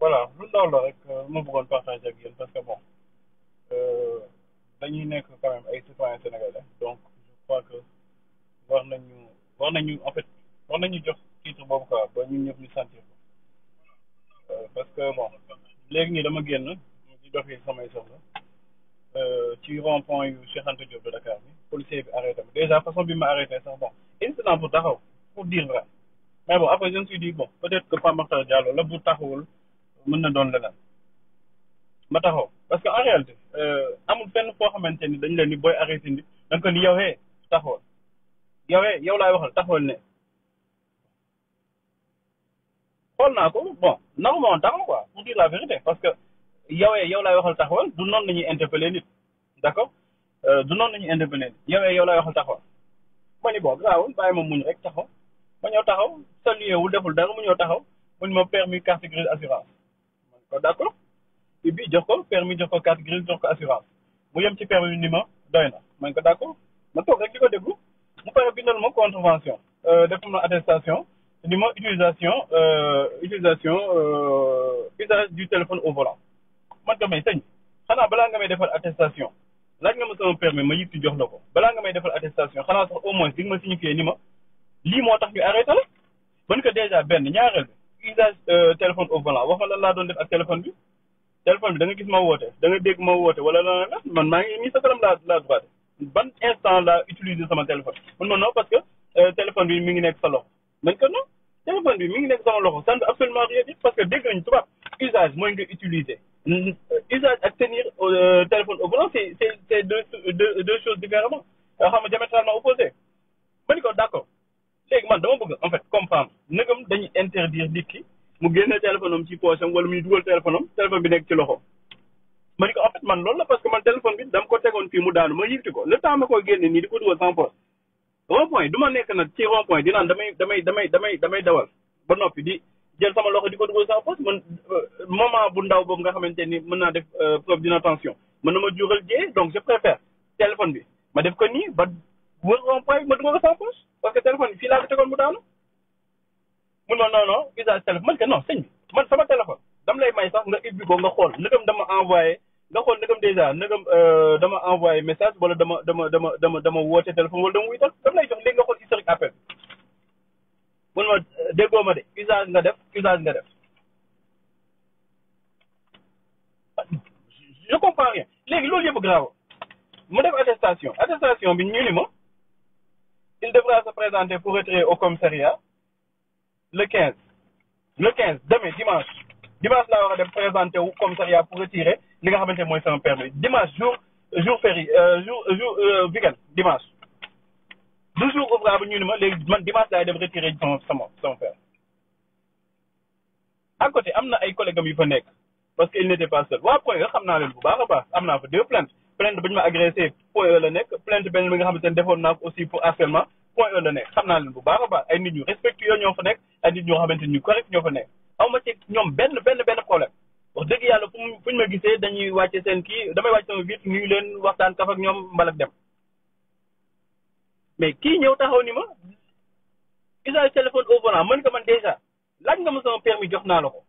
voilà lu ndaw la rek euh, ma bëggoon partager ak yéen parce que bon euh, dañuy nekk quand même ay citoyen sénégalais donc je crois que wax nañu war nañu en fait war nañu jox titre boobu quoi ba ñun ñëpp ñu sentir euh, parce que bon léegi nii dama génn di doxi samay soxla ci rond point yu Cheikh Anta Diop de Dakar bi policier bi arrêté ma façon bi ma arrêté sax bon incident bu taxaw pour dire vrai mais bon après je me suis bon peut-être que Pape Makhtar Diallo la taxawul mën na doon leneen ba taxaw parce que en réalité euh, amul fenn foo xamante ni dañ leen ni booy arrêté nit danga ko ni yow hee taxawal yow hee yow laay waxal taxawal ne xool naa ko bon naru ma woon taxaw quoi pour dire la vérité parce que yow hee yow laay waxal taxawal du noonu la ñu interpellé nit d'accord euh, du noon la ñuy interpellé nit yow hee laay waxal taxaw ma ni bon gaawul bàyyi ma muñ rek taxaw ma ñëw taxaw salué wul deful dara mu ñëw taxaw mu ni ma permis carte grise kii bi jox ko permis jox ko carte grise jox ko assurance mu yem ci permis ni ma doy na man ko d'accord ma toog rek di ko déglu mu pare bindal ma contravention euh, defal ma attestation ni ma utilisation euh, utilisation euh, usage du téléphone au volant man ko may sëñ xanaa balaa nga may defal attestation laaj nga ma sama permis ma yitti jox la ko balaa nga may defal attestation xanaa sax au moins di ma signifier ni ma lii moo tax ñu arrêté la mën ko déjà benn ñaareel bi laa doon def téléphone bi da nga gis ma woote da nga dégg ma woote wala la man maa ngi nii sa kanam laa la droite ban instant laa utiliser sama téléphone man ma non parce que euh, téléphone bi mi ngi nekk sa loxo man que non téléphone bi mi ngi nekk sama loxo ça ne absolument rien parce que dégg nañu tubaab usage mooy nga utiliser usage ak tenir euh, téléphone au volant c'est c'est c'est deux deux deux choses différemment xam nga diamétralement opposé ma ni ko d'accord léegi man dama bëgg en fait mu génne téléphone am ci poche am wala muy dugal téléphone am téléphone bi nekk ci loxo ma ni ko en man loolu la parce que man téléphone bi dama ko tegoon fii mu daanu ma yifti ko le temps ma koy génne nii di ko dugal sans poche rond point du ma nekk nag ci rond point di naan damay damay damay damay damay dawal ba noppi di jël sama loxo di ko dugal sans man euh, moment bu ndaw boobu nga xamante ni mën naa def euh, preuve d'inattention mën na ma jural jee donc je préfère téléphone bi ma def ko nii ba wër rond point ma dugal que téléphone bi fii laa ko mun ma non non visage téléphone man que non sëñ bi man sama téléphone dam lay may sax nga ubbi nga xool ndegam dama envoyé nga xool ndegam dèjà ndegam euh, dama envoyé message wala dama dama dama dama dama woote téléphone wala dama wuy tal dam lay jox léegi nga xool historique appel mun ma euh, déggoo ma de usage def usage def je comprends rien léegi loolu yëpp grave mu def attestation attestation bi ñu ni ma il devra se présenter pour retirer au commissariat le 15 le 15 demain dimanche dimanche laa war a dem présenté wu commissariat pour retirer li nga xamante ne mooy sama permis dimanche jour jour férié euh, jour jour euh, weekend dimanche du jour ouvrable ñu ne ma léegi man dimanche laay dem retirer sama sama sama permis à côté am na ay collègues am yu fa nekk parce que il n'était pas seul waa Point E xam naa leen bu baax a baax am naa fa deux plaintes plainte ba ñu ma agressé Point E la nekk plainte benn bi nga xamante ne defoon naa ko aussi pour harcèlement point e la nekk xam naa leen bu baax a baax ay nit ñu respectueux ñoo fa nekk ay nit ñoo xamante ni ñu correct ñoo fa nekk aw ma ci ñoom benn benn benn problème wax dëgg yàlla fu mu fu ñu ma gisee dañuy wàcce seen kii damay wàcce sama vite nuyu leen waxtaan kaf ak ñoom mbalak dem mais kii ñëw taxaw ni ma usage téléphone au volant mën nga man déjà laaj nga ma sama permis jox naa la ko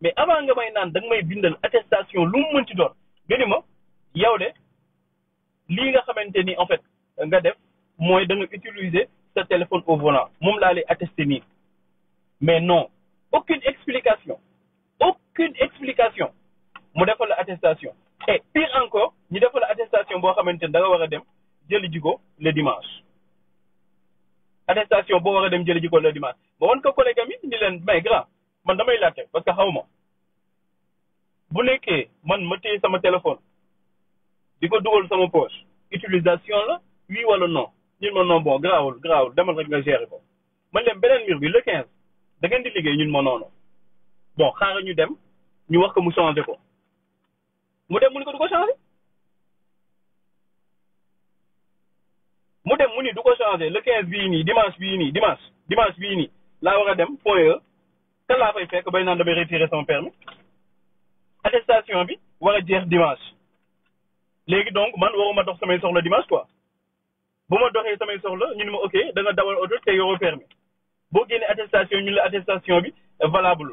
mais avant nga may naan da nga may bindal attestation lu mu mën ci doon gëni ma yow de lii nga xamante ni en fait nga def mooy da nga utiliser sa téléphone au volant moom laa lay attesté nii mais non aucune explication aucune explication mu defal la attestation et pire encore ñu defal la attestation boo xamante ne da nga war a dem jëli ji ko le dimanche attestation boo war a dem jëli ji ko le dimanche ba wan ko collègue am yi ni leen may grand man damay laajte parce que xaw ma bu nekkee man ma téye sama téléphone di ko dugal sama poche utilisation la oui wala non ñun ma non bon garaawul garaawul demal rek nga gérer ko man leen beneen mur bi le quinze da ngeen liggéey ñun ma bon xaaral ñu dem ñu wax ko mu changé ko mu dem mu ni ko du ko changé mu dem mu ni du ko changé le quinze bii nii dimanche bii nii dimanche dimanche bii nii laa war a dem point e kan fay fekk bay naan damay retirer sama permis attestation bi war a jeex dimanche léegi donc man waruma dox samay soxla dimanche quoi bu ma doxee samay soxla ñu ne ma ok da nga dawal oto te yoroo permis boo génnee attestation ñu la attestation bi valable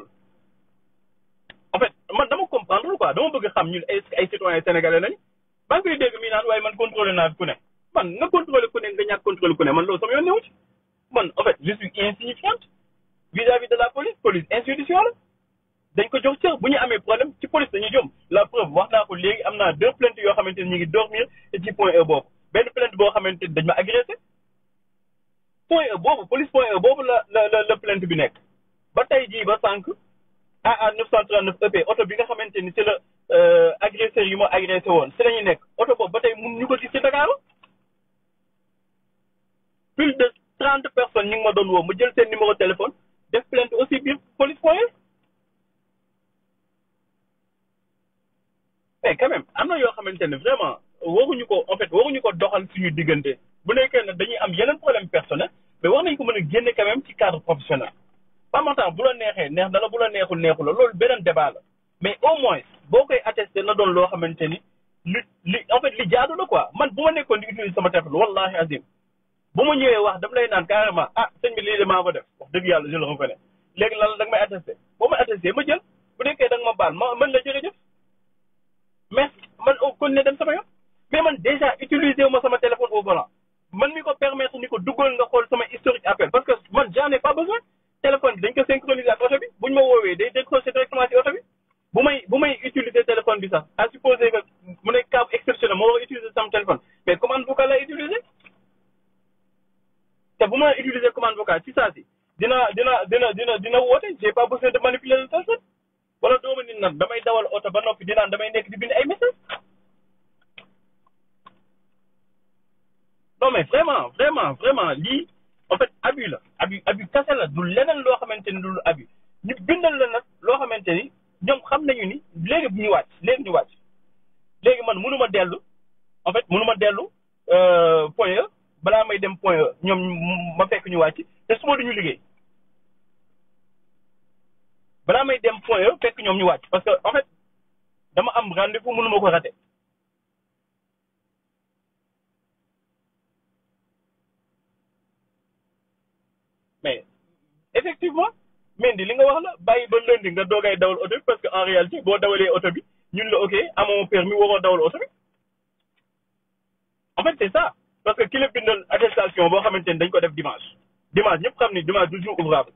en fait man dama comprendre quoi dama bëgg xam ñun ay ay citoyens sénégalais lañ maa ngi koy dégg mi naan waaye man contrôlé naa ku ne man nga contrôlé ku ne nga ñàkk contrôlé man loolu sama yoon newu ci man en fait je suis insignifiante vis-à-vis la police police institution la dañ ko jox bu ñu amee problème ci police dañuy jëm la preuve wax naa ko am naa yoo xamante ni ñu ngi dormir ci point E benn plainte boo xamante ni dañ ma agressé point e boobu police e boobu la la la la bi nekk ba tey jii ba sànq AA 939 EP oto bi nga xamante ni ci la euh, agresseur yi ma agressé woon ci la ñu nekk oto boobu ba tey mun ñu ko gis ci Dakar plus de trente personnes ñu ngi ma doon woo ma jël seen numéro téléphone def plainte aussi biir police point e. mais quand am na yoo xamante ni vraiment waruñu ko en fait waruñu ko doxal suñu diggante bu nekkee ne dañuy am yeneen problème personnel mais wax nañ ko mën a génne quand même ci cadre professionnel pamantemps bu la neexee neex na la bu la neexul neexul la loolu beneen débat la mais au moins boo koy attesté na doon loo xamante ni li li en fait li jaadu la quoi man bu ma nekkoon di utiliser sama téléphone wallahi azim bu ma ñëwee wax dama lay naan carrément ah sëñ bi lii de maa ko def wax dëgg yàlla je le reconnais léegi la da nga boo ma jël bu ma baal ma mën mais man kon ne dem sama mais man déjà utiliser wu ma sama téléphone au volant man mi ko permettre ni ko duggal nga xool sama historique appel parce que man j'en ai pas téléphone bi dañ ko synchroniser ak oto bi bu ma woowee day décrocher directement ci oto bi bu may bu may utiliser téléphone bi sax à supposer mu nekk cas exceptionnel ma war a utiliser sama téléphone mais commande vocale lay utiliser te bu ma utiliser commande vocale ci si dina dina dina dina dina woote j'ai pas besoin de manipuler le téléphone wala dooma nit nag damay dawal oto ba noppi dinaan damay nekk mais vraiment vraiment vraiment lii en fait abus la abus abus kese la du leneen loo xamante ni du lu abus ñu bindal la nag loo xamante ni ñoom xam nañu ni léegi bu ñu wàcc léegi ñu wàcc léegi man mënu dellu en fait mënu ma dellu euh, point E balaa may dem point E ñoom ma fekk ñu wàcc te suba duñu liggéey balaa may dem point E fekk ñoom ñu wàcc parce que en fait dama am rendez-vous mënu ma ko rater effectivement Mendy li nga wax la bàyyi ba lundi nga doogay dawal oto parce que en réalité boo dawalee oto bi ñun la ok amoo permis waroo dawal oto en fait c'est ça parce que ki la bindal attestation boo xamante ni dañ ko def dimanche dimanche ñëpp xam ni dimanche du jour ouvrable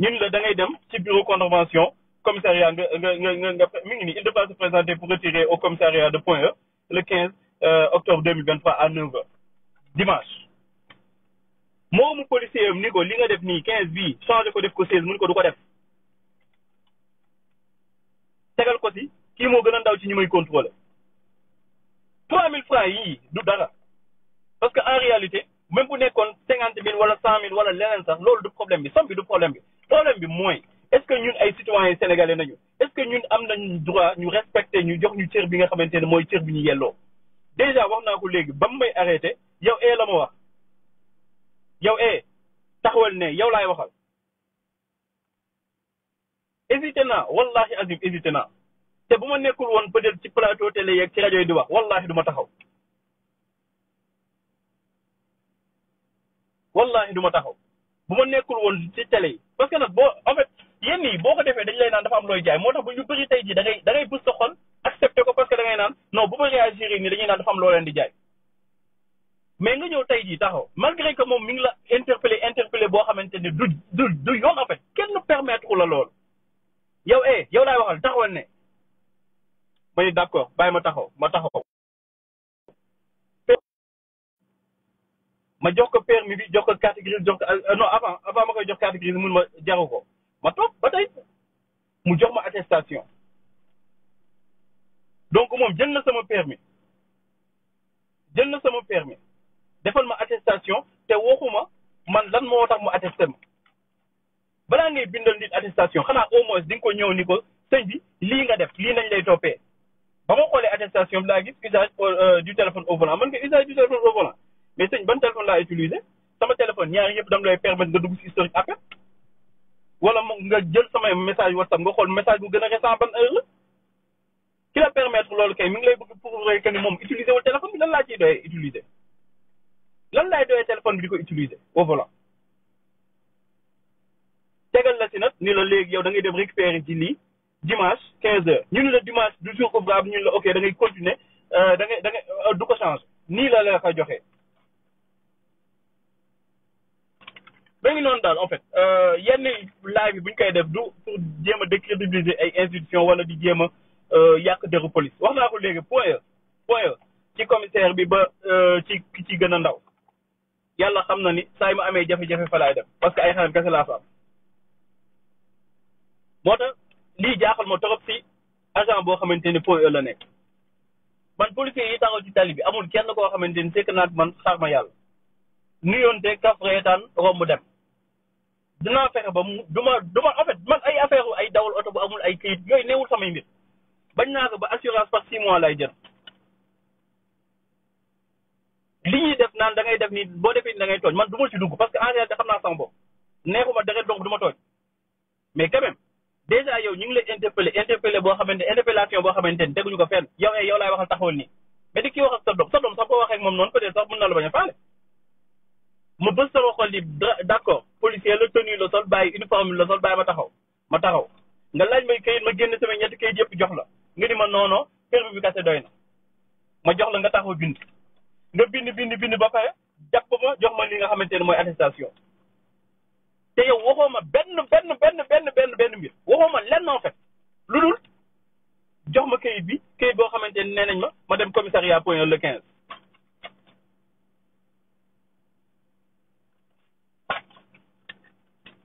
ñun la da ngay dem ci bureau contravention commissariat nga nga nga nga mi il devra se présenter pour au commissariat de Point E le 15 euh, octobre 2023 à 9h dimanche. moomu mu am ni ko li nga def nii quinze bii changé ko def ko seize mun ko du ko def tegal ko si kii moo gën a ndaw ci ñu may contrôler trois mille francs yii du dara parce que en réalité même bu nekkoon cinquante mille wala cent mille wala leneen sax loolu du problème bi somme bi du problème bi problème bi mooy est-ce que ñun ay citoyens sénégalais nañu est-ce que ñun am nañu droit ñu respecter ñu jox ñu cër bi nga xamante ne mooy cër bi ñu yelloo déjà wax naa ko léegi ba mu may arrêté yow eh la ma wax yow eh taxawal ne yow laay waxal hésité naa wallahi azim hésité naa te bu ma nekkul woon peut ci plateau télé yeeg ci rajoy di wax wallahi du ma taxaw wallahi du ma taxaw bu ma nekkul woon ci télé yi parce que nag boo en fait yenn yi boo ko defee dañu lay naan dafa am looy jaay moo tax bu ñu bëri tey ji da ngay da ngay bës sa accepté ko parce que da naan non bu ma réagir nii dañuy dafa am loo leen di jaay mais nga ñëw tey jii taxaw malgré que moom mi ngi la interpellé interpellé boo xamante ne du du du yoon en kenn permettre u la loolu yow eh yow laay waxal taxawal ne ma ni d'accord bàyyi ma taxaw ma taxaw ma jox ko permis bi jox ko carte grise jox ko euh, non avant avant ma koy jox carte grise mun ma jaru ko ma toog ba tey mu jox ma attestation donc moom jël na sama permis jël na sama permis defal ma attestation te waxuma man lan moo tax mu attesté ma balaa ngay bindal nit attestation xanaa au moins di nga ko ñëw ni ko sëñ bi lii nga def lii nañ lay toppee ba ma xoolee attestation bi laa gis usage euh, du téléphone au volant man nga usage du téléphone au volant mais sëñ ban téléphone laa utilisé sama téléphone ñaar yëpp dama lay permettre nga dugg si historique appel wala nga jël samay message whatsapp nga xool message bu gën a récent ban heure moom utiliser wul téléphone bi lan laa ciy lan laay doyee téléphone bi di ko utiliser au volant tegal la si ni la léegi yow da ngay dem récupérer ci lii dimanche quinze heures ñu ne la dimanche du jour ouvrable ñu ne la ok da ngay continuer euh, da ngay da euh, du ko changer nii la la ko joxee noonu daal en fait euh, yenn live bu ñu koy def du pour jéem a ay institutions wala di jéem a yàq deru police wax naa ko léegi point e, point e, ci commissaire bi ba ci ci gën a ndaw yàlla xam na ni saay yi amee jafe-jafe fa laay dem parce que ay xaram kese laa fa moo tax lii jaaxal ma torop si agent boo xamante ni point E la nekk man policiers yi taxaw ci tali bi amul kenn koo xamante ni sekk naag man xaar ma yàlla nuyoonte kaf reetaan romb dem dinaa fexe ba mu du ma du ma en fait man ay affaire ay dawal oto bu amul ay këyit yooyu neewul samay mbir bañ naa ko ba assurance par six mois lay jël li ñuy def naan da def nii boo defee nii da tooñ man du ma ci dugg parce que en réalité xam naa sama bopp neexuma deret donc du ma tooñ mais quand déjà yow ñu ngi lay interpellé interpellé boo xamante interpellation boo xamante ni teguñu ko fenn yow eh yow laay waxal taxawal nii mais di kii wax ak sa doom sa boo waxee ak moom noonu peut-être sax mën na la bañ a faale mu bës sama xol di d'accord policier la tenue la sol bàyyi uniforme la sol bàyyi ma taxaw ma taxaw nga laaj may yëpp jox la ma noono permis bi kase doy na ma jox la nga taxaw bind nga bind bind bind ba pare jàpp ma jox ma li nga xamante ne mooy attestation te yow waxoo ma benn benn benn benn benn benn mbir waxoo ma lenn en fait lu dul jox ma kayit bi kayit boo xamante ne nee nañ ma ma dem commissariat Point E le quinze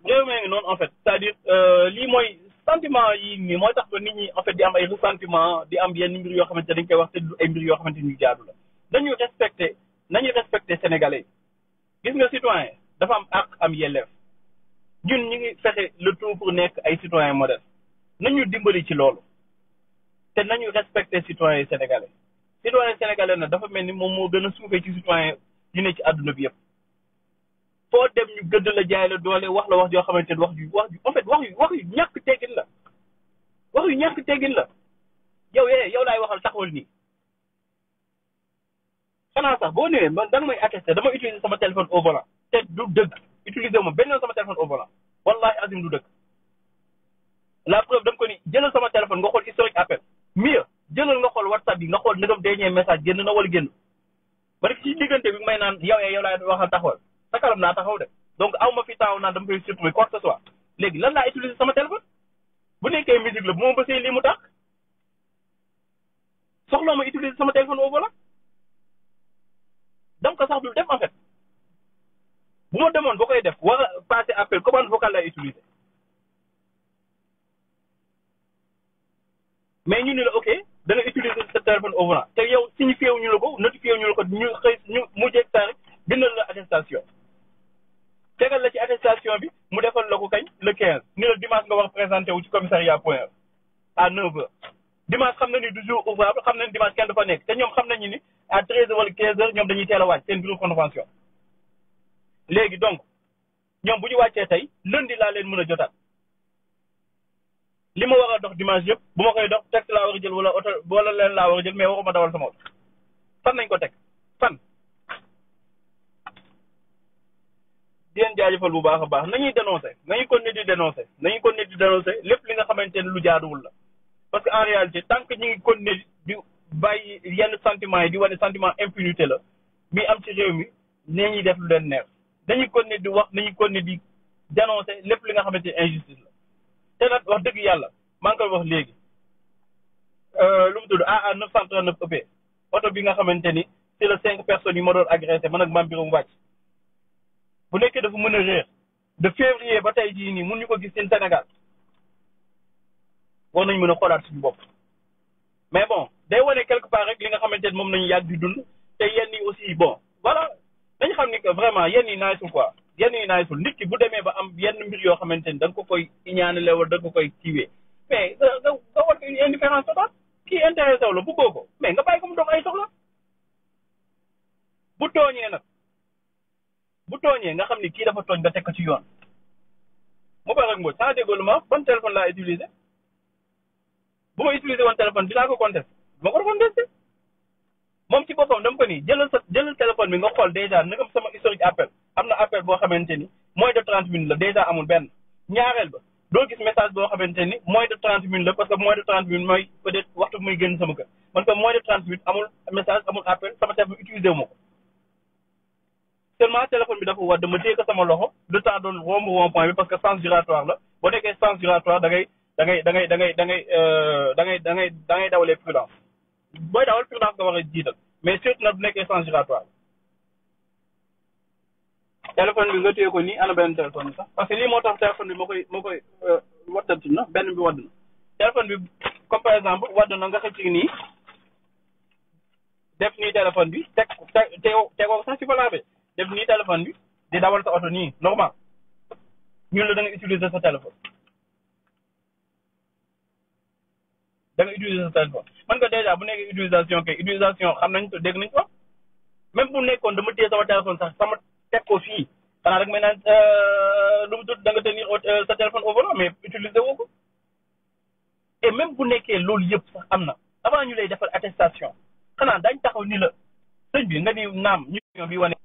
réew mee ngi noonu en fait cest dire euh, lii mooy sentiment yi nii mooy tax ba nit ñi en fait di am ay ressentiment di am yenn mbir yoo xamante dañ koy wax te ay mbir yoo xamante ni jaadu la dañu respecté nañu respecté sénégalais gis nga citoyen dafa am àq am yelleef ñun ñu ngi fexe le tout pour nekk ay citoyen modèle nañu dimbali ci loolu te nañu respecté citoyen sénégalais citoyen sénégalais nag dafa mel ni moom moo gën a suufee ci citoyen ñu ne ci àdduna bi yëpp foo dem ñu gëdd la jaay la doole wax la wax joo xamante ne wax ju wax ju en fait wax yu wax yu ñàkk teggin la wax yu ñàkk teggin la yow yee eh, yow laay waxal taxawal nii xanaa sax boo ñëwee man danga may attesté dama utiliser sama téléphone au volant te du dëgg utiliser ma benn sama téléphone au volant wallahi azim du dëgg la preuve dama ko ni jëlal sama téléphone nga xool historique appel mieux jëlal nga xool whatsapp yi nga xool ndegam dernier message génn na wala génn ba rek ci diggante bi may naan yow yow laay waxal taxawal sa kalam naa taxaw de donc aw ma fi taaw naan dama fay supprimer quoi que ce soit léegi lan laa utiliser sama téléphone bu nekkee musique la ma bësee lii mu dam ko sax dul def en fait bu demoon ba koy def war a passer appel commande vocale lay utiliser mais ñu ni la ok dana utiliser sa téléphone au volant te yow signifié wu ñu la ko notifié wu la ko ñu mu jeeg saa rek bindal la attestation tegal la ci attestation bi mu defal la ko kañ le 15 ni la dimanche nga war présenté wu ci commissariat point e, à 9h dimanche xam na ni du jour ouvrable xam na ni dimanche kenn du nekk te ñoom xam nañu ni à treize heures wala quinze heures ñoom dañuy teel a wàcc seen convention léegi donc ñoom bu ñu wàccee tey di laa leen mën a jotaat li ma war a dox dimanche yëpp bu ma koy dox taxi laa war a jël wala oto wala leen laa war a jël mais waxuma dawal sama oto fan nañ ko teg fan di leen jaajëfal bu baax a baax na nañuy dénoncer nañuy continuer di dénoncer nañuy continuer di dénoncer lépp li nga xamante ne lu jaaduwul la parce que en réalité tant ñu ngi continuer di bàyyi yenn sentiment yi di wane sentiment impunité la mi am ci réew mi nee ñuy def lu leen neex dañuy continuer di wax nañuy continuer di dénoncer lépp li nga xamante ni injustice la te nag wax dëgg yàlla maa ngi koy wax léegi euh, lu mu tudd AA 939 EP oto bi nga xamante ni c'est les cinq personnes yi ma doon agressé man ak maam Birame wàcc bu nekkee dafa mën a réer de février ba tey jii nii mun ñu ko gis seen Sénégal war nañ mën a xoolaat suñu bopp mais bon day wane quelque part rek li nga xamante ne moom nañu yàgg di dund te yenn yi aussi bon voilà dañ xam ni que vraiment yenn yi naaysul quoi yenn yi naaysul nit ki bu demee ba am yenn mbir yoo xamante ni da nga ko koy ñaanale wala da ko koy kiiwee mais euh, nga nga war une indifférence totale kii intéressé wu la bëggoo ko mais nga bàyyi ko mu dox ay soxla bu tooñee nag bu tooñee nga xam ne kii dafa tooñ nga teg ko ci yoon mu baax ak Mbodj sans déggoo lu ma bu ma utiliser woon téléphone dinaa ko contesté ma ko contesté moom ci boppam dama ko ni jëlal sa jëlal téléphone bi nga xool dèjà naka sama historique appel am na appel boo xamante ni moins de trente minutes la dèjà amul benn ñaareel ba doo gis message boo xamante ni moins de trente minutes la parce que moins de trente minutes mooy peut-être waxtu bi muy génn sama kër man ko moins de trente minutes amul message amul appel sama téléphone utilisé wu ma ko seulement téléphone loxo le temps doon romb rond que sens giratoire la boo nekkee dangay ngay da ngay dangay dangay da ngay euh, da ngay da ngay da ngay dawalee prudence booy dawal prudence nga war a jiital mais surtout nag bu nekkee sens téléphone bi nga téye ko nii ana benn téléphone bi sax parce que lii moo tax téléphone bi moo koy moo koy euh, wattati na benn bi wadd na téléphone bi comme par exemple wadd na nga xëcc nii def nii téléphone bi teg te tegoo sax ci ko laabee def nii téléphone bi di dawal sa oto nii normal ñun la da nga utilisateur ko man ko dèjà bu nekkee utilisation kay utilisation xam nañ ko dégg nañ ko même bu nekkoon dama téye sama téléphone sax sama teg ko fii xanaa rek may euh, lu mu tudd da nga euh, sa téléphone au volant mais utiliser woo ko et bu nekkee loolu yëpp sax am na avant ñu lay defal attestation xanaa dañ taxaw ni la sëñ bi nga ni naam ñu bi wane